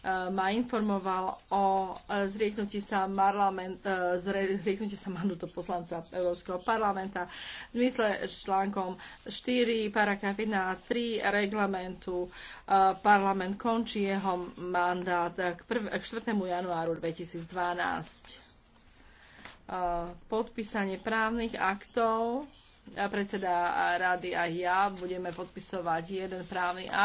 E, ma informoval o e, zrieknutí sa, marlament, e, zrieknutí sa mandutu poslanca Európskeho parlamenta v zmysle článkom 4, paragraf 1 a 3 reglamentu. Parlament končí jeho mandát k, k 4. januáru 2012. Podpísanie právnych aktov predseda rady a ja budeme podpisovať jeden právny akt.